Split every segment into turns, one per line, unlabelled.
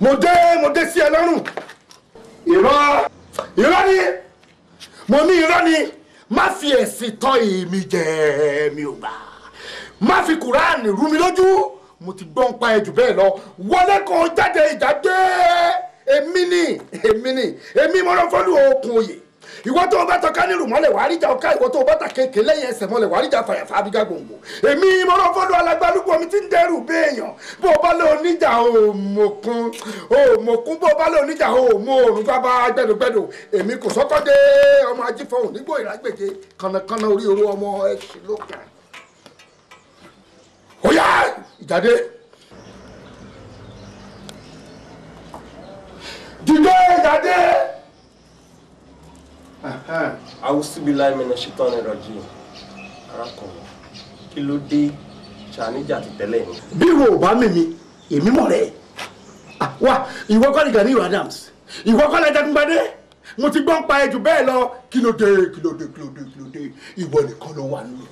mo dé mo dé sí ẹ lọ́rùn irọ́ irọ́ ni mo ní irọ́ ni má fi ẹ̀sìn tọ́ èmi jẹ mi ò gbà má fi kùránì rú mi lójú mo ti gbọ́n pa ẹ̀jù bẹ́ẹ̀ lọ wọlé kan jáde ìjà dé èmi ni èmi ni èmi mo fọ́lù okùn òye ìwọ tó o bá tọ́ka nírù mọ́lẹ̀ wàá ríjà ọ̀ká ìwọ tó o bá ta kéèké lẹ́yìn ẹsẹ̀ mọ́lẹ̀ wàá ríjà fàyàfà abíga gbòǹgbò èmi mọ́rọ́ fọ́dọ̀ alágbálúgbò omi ti ń dẹ́rù béèyàn bó o bá lọ oníjà òmòkun òmòkun bó o bá lọ oníjà òmò òrùn bàbá gbẹdùgbẹdù èmi kò sọ́kọ́dé ọmọ ajífọ̀hún nígbò ìrágbèje kànnàkànnà orí oró ọmọ ẹ̀ṣin ló kà. ó yá ìjáde. awusubilayi mi náà ṣetán ní ìrọ̀jì arákùnrin kí ló dé ṣàníjà ti tẹ́lẹ̀ ni. bí wo ò bá mi mi èmi mọ̀ rẹ̀ ah, wá ìwọ́kọ́ nìkan ní ìwà Adams ìwọ́kọ́ lẹ́jọ́ gbadé mo ti gbọ́n pa ẹjù bẹ́ẹ̀ lọ kí ló dé kí ló dé kí ló dé kí ló dé ìwọ nìkan ló wà lù mí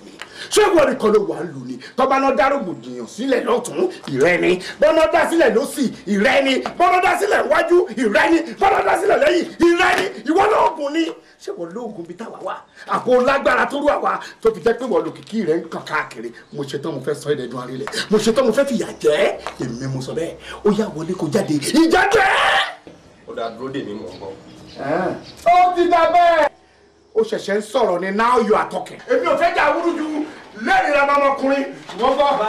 ṣé ìwọ nìkan ló wà lù ní tọ́ba náà dárògbò dìyàn sílẹ̀ lọ́tún ìrẹ́ ni bọ́nà dá sílẹ̀ lọ́sì ìrẹ́ ni bọ́nà dá sílẹ̀ wájú ìrẹ́ ni bọ́nà dá sílẹ̀ lẹ́yìn ìrẹ́ ni ìwọ lóògùn ni ṣé ìwọ lóògùn bíi táwa wà àbò lágbára tó rú àwa tó fi jẹ́ pé wọ́n lòkìkí rẹ̀ ń kàn káàkiri mo ṣe tán mo fẹ́ sọ ẹ̀dẹ̀dùn arílẹ̀ mo ṣe tán mo fẹ́ fìyà jẹ́ èmi mo sọ bẹ́ẹ̀ ó yá wọlé kó jáde ìjà jẹ́. ó dà dúró dè mí mọ̀ ọ́ ó ti dà bẹ́ẹ̀. ó ṣẹ̀ṣẹ̀ ń sọ̀rọ̀ ni now you are talking. èmi ò fẹ́ jà wúrú ju lẹ́rìí ra máa ọmọkùnrin. ìwọ bọ bàbá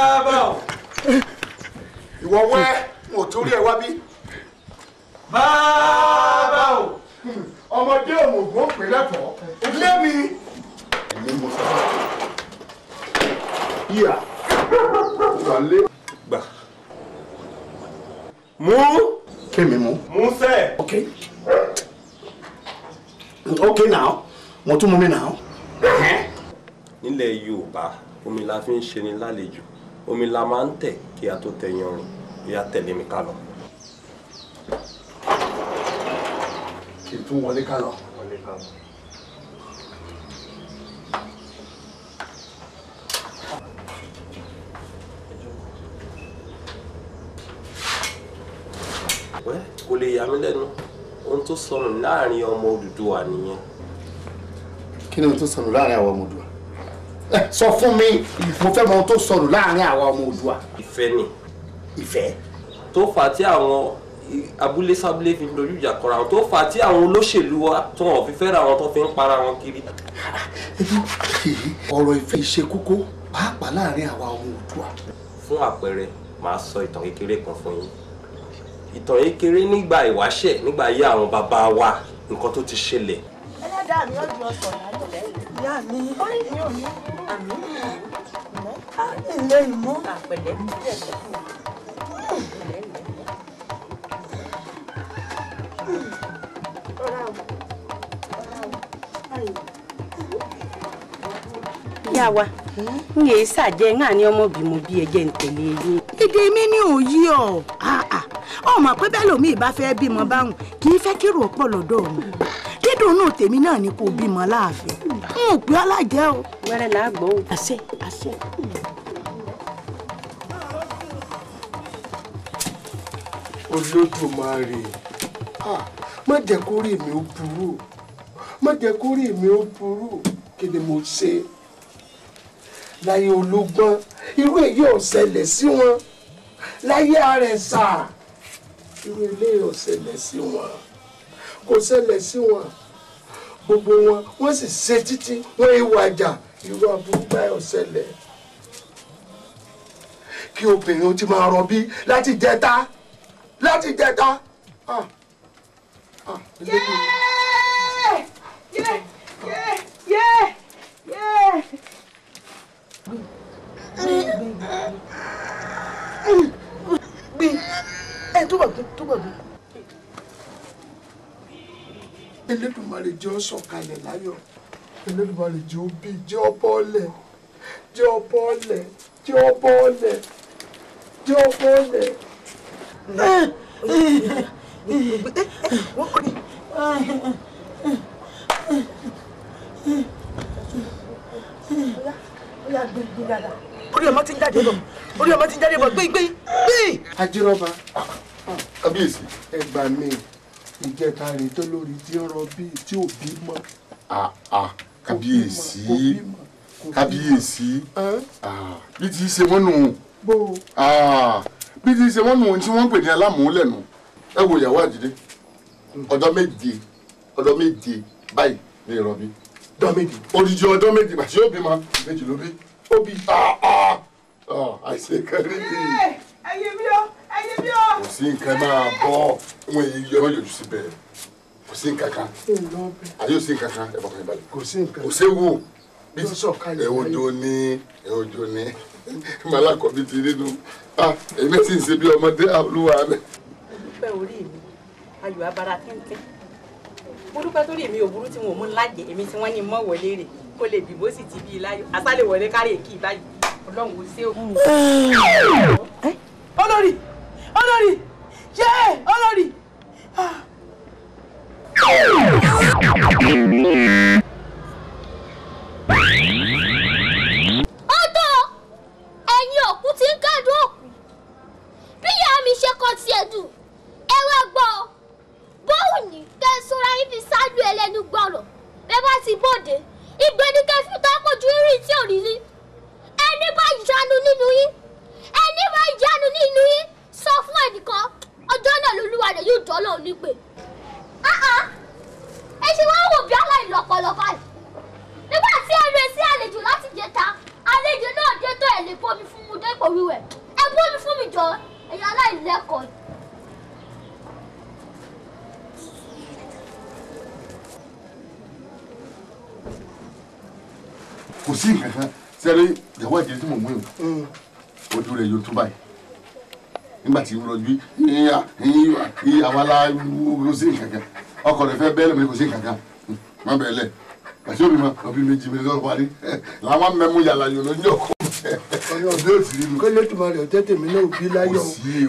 bàbá. ìwọ wẹ́ n ò torí ẹ wá bí. bàbá o. ọmọdé òmùgbò pè lẹ́fọ̀ọ́ ilé mi. èmi mo sọ fún ọ. yíyà. gbà mú. kí mi mú. mú sẹ́. okay ok now mo tún mú mi now. nílẹ̀ yorùbá omi la fi ń ṣe ni lálejò omi la máa ń tẹ̀ kí a tó tẹ̀yìn ọrùn kí a tẹ̀lé mi ká lọ. kì í tún wọlé ká lọ. wọlé ká wẹ́ kò lè yà mí lẹ́nu ohun tó sọnù láàrin ọmọ Odùduwà nìyẹn. kí ni ohun tó sọnù láàrin àwọn ọmọ Odùduwà sọ fún mi mo fẹ́ mọ ohun tó sọnù láàrin àwọn ọmọ Odùduwà. ìfẹ́ ni. ìfẹ́. tó fà á tí àwọn abúlé sábúlé fi dojú ìjà kọra wọn tó fà á tí àwọn olóṣèlú wa tó wọn fi fẹ́ra wọn tó fi ń para wọn kiri. ọ̀rọ̀ ìfẹ́ ìṣe kókó pàápàá láàrin àwa ọmọ Odùduwà. fún àpẹẹrẹ màá sọ ìtàn kékeré kan fún yín ìtàn yìí kéré nígbà ìwáṣẹ̀ nígbà ayé àwọn bàbá wa nǹkan tó ti ṣẹlẹ̀. ẹlẹ́dàá mi ò jọ sọ̀rọ̀ àjọ lẹ́yìn. ìyá mi ó ní ìyá mi àmì ilé ìmọ̀. àpẹ̀lẹ́
yá wa n hmm?
yéé ṣàjẹ́ náà ni ọmọ bímọ bí ẹ̀jẹ̀ ń tẹ̀lé yín. èdè mi ni òyì ọ̀. Ah, ah ọmọ pé bẹ́ẹ̀ lómi ìbá fẹ́ bímọ báwùn kì í fẹ́ kírò ọ̀pọ̀ lọ́dọ̀ òun dídùn náà tèmi náà ni kò bímọ láàfin n ò pé alájẹ o. wẹrẹ làágbọ o. àṣẹ àṣẹ. olódùmarè má jẹ́ kó rí mi ó burú má jẹ́ kó rí mi ó burú kí ni mo ṣe láyé ológbọ́n irú èyí ò ṣẹlẹ̀ sí wọn láyé àrẹ̀sà tírú ilé ọ̀sẹ̀lẹ̀ sí wọn kò ṣẹlẹ̀ sí wọn gbogbo wọn wọ́n sì ṣe títí wọ́n ìwàjà irú àbúgbà ọ̀sẹ̀lẹ̀ kí obìnrin ó ti máa rọbí láti jẹta láti jẹta. Ah. Ah. Yeah. Elédùmarè jẹ́ ó sọ̀kalẹ̀ láyọ̀ Elédùmarè jẹ́ ó bí jẹ́ ó bọ́lẹ̀ jẹ́ ó bọ́lẹ̀ jẹ́ ó bọ́lẹ̀ jẹ́ ó bọ́lẹ̀. orí ọmọ ti ń jáde bọ̀ orí ọmọ ti ń jáde bọ̀ gbé gbé gbé. ajírọ́ba ah, kábíyèsí ẹ gbà mí ìjẹta rèé tó lórí tí ń rọ bíi tí ò bí mọ. Ah, ah, kábíyèsí kábíyèsí ah, bí ti ṣe wọ́n nù bí ti ṣe wọ́n nù ohun tí wọ́n ń pè ní alámùúlẹ̀nu ẹ wo ìyàwó àjídé hmm. ọjọ́ méje ọjọ́ méje báyìí ní ìrọ̀bí ọjọ́ méje odidi ọjọ́ méje bàtí ó bímọ méjì ló bí ó bí àìsèkèrè bíi. ẹyẹ mi yọ kò sí nǹkan máa bọ́ wọn èyí yọ ọmọ yòjú síbẹ̀ kò sí nǹkan kan àyè ò sí nǹkan kan ẹ̀fọ́ kan ìbàlẹ̀ kò sí nǹkan kò séwu bí ẹ̀wọ̀n jò ní ẹ̀wọ̀n jò ní malakọ̀ bí ti nínú èmi sì ń ṣe bí ọmọdé olúwa rẹ̀. dúpẹ́ orí mi ayọ̀ abara tẹ́ńtẹ́ mo dúpẹ́ torí mi ò burú tí wọn ò mú lájẹ̀ èmi tí wọ́n ní mọ́ wọlé rè kó lè bìbó sì ti bí i láyọ̀ asálẹ̀ wọlé kárí èkì báyìí ọlọ́run ò ṣe é.
Mm-hmm.
kò sí nǹkan kan sẹ́rí ìyàwó ẹ̀jẹ̀ tí mò ń wéwò mm. ojú rẹ̀ yóò tún báyìí nígbà tí rọjú ìyàwó la kò sí nǹkan kan ọkọ rẹ̀ fẹ́ bẹ́ẹ̀lẹ̀ mi kò sí nǹkan kan mm, má bẹ́ẹ̀ lẹ̀ pàṣẹ òbí ma òbí méjì mi lọ́rọ̀ parí làwọn mẹ́mú yàrá yòó ló ń jọ kó kọ́lé tó máa rẹ̀ ọ̀tẹ́ tèmi náà bí láyọ̀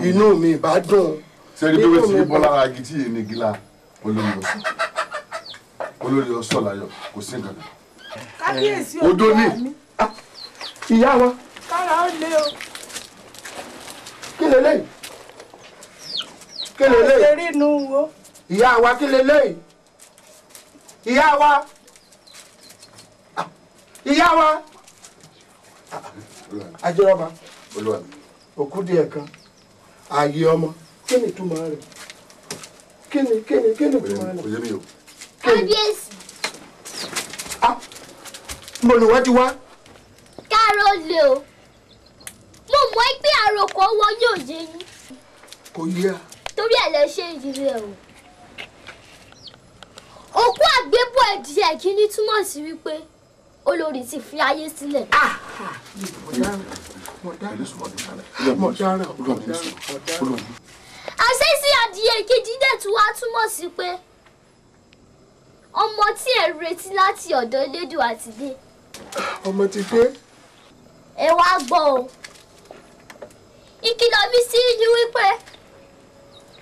inú mi ìbá dùn. sẹ́ni bí wọ́n ti bọ́ lára igi tí yìí ní gíla olórí ọ̀sán láyọ̀ kò sí nǹkan kan kábíyèsí odò ní ah, ìyá wa. kára ó lé o. kí leléyìí kí leléyìí. káṣe rí inú wo. ìyá wa kí leléyìí ìyá wa ah, ìyá wa ah, ajẹ́rọ́ba òkú díẹ̀ kan ààyè ọmọ kí ni túmọ̀ rẹ̀ kí ni kí ni kí ni túmọ̀ rẹ̀.
kábíyèsí
mo lò wá ti wá.
káàró lè o mo mọ̀ ẹ́ pé àròkọ wọ yóò yé yín. kò yé a. torí ẹ̀ lẹ ṣe ìdílé o. òkú àgbébọ̀ ẹ̀dìyẹ kìíní túmọ̀ sí wípé olórí ti fi ayé sílẹ̀. Ah, ah, àṣẹ́sí adìyẹ kejì dẹ̀ tún wá túmọ̀ sí pé ọmọ tí ẹ̀ retí láti ọ̀dọ̀ elédùn àtidé ọmọ ti dé. ẹ wá gbọ́ o ìkìlọ̀ mi sí ni wípé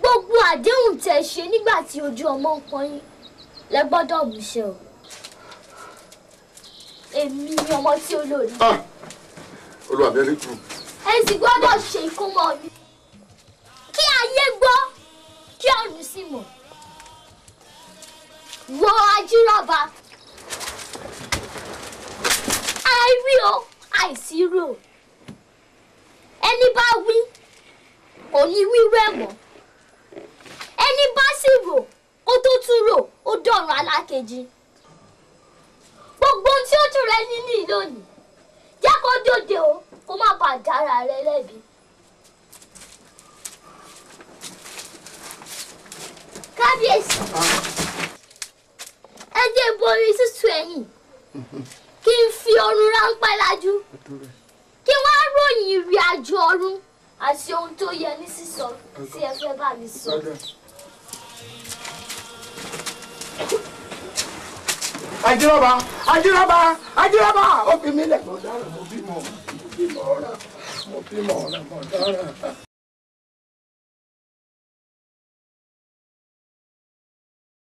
gbogbo àdéhùn tẹ́ ṣe nígbà tí ojú ọmọ ń pọ́n yín lẹ gbọ́dọ̀ mú ṣe o èmi ni ọmọ tí olórí. Ah!
olúwa bẹ́ẹ̀ ni kú.
ẹ sì gbọ́dọ̀ ṣe ìkómọ mi kí ayé gbọ́ kí ọ̀run sì mọ̀ wọ ajírọ̀bà wí o àìsí rò ẹni bá wí kò ní wíwẹ̀ mọ́ ẹni bá sì rò ó tó tún rò ó dọ̀rùn alákejì gbogbo ohun tí ó tún rẹ níní lónìí jẹ́ kó dòde o kó má bàa dára rẹ lẹ́bi. kábíyèsí ẹ jẹ́ borí sísun ẹ̀yìn. kí n fi ọrùn ráńpẹ́ lajú kí wọ́n á ròyìn ìrìn àjò ọ̀run àti ohun tó yẹ ní sísọ tí ẹ fẹ́ bá mi sọ.
ajírọ́bà ajírọ́bà ajírọ́bà ó fi mí lẹ̀ mọ̀ dára mo bímọ
mo bímọ ọ̀ràn mo bímọ ọ̀ràn mọ̀ dára.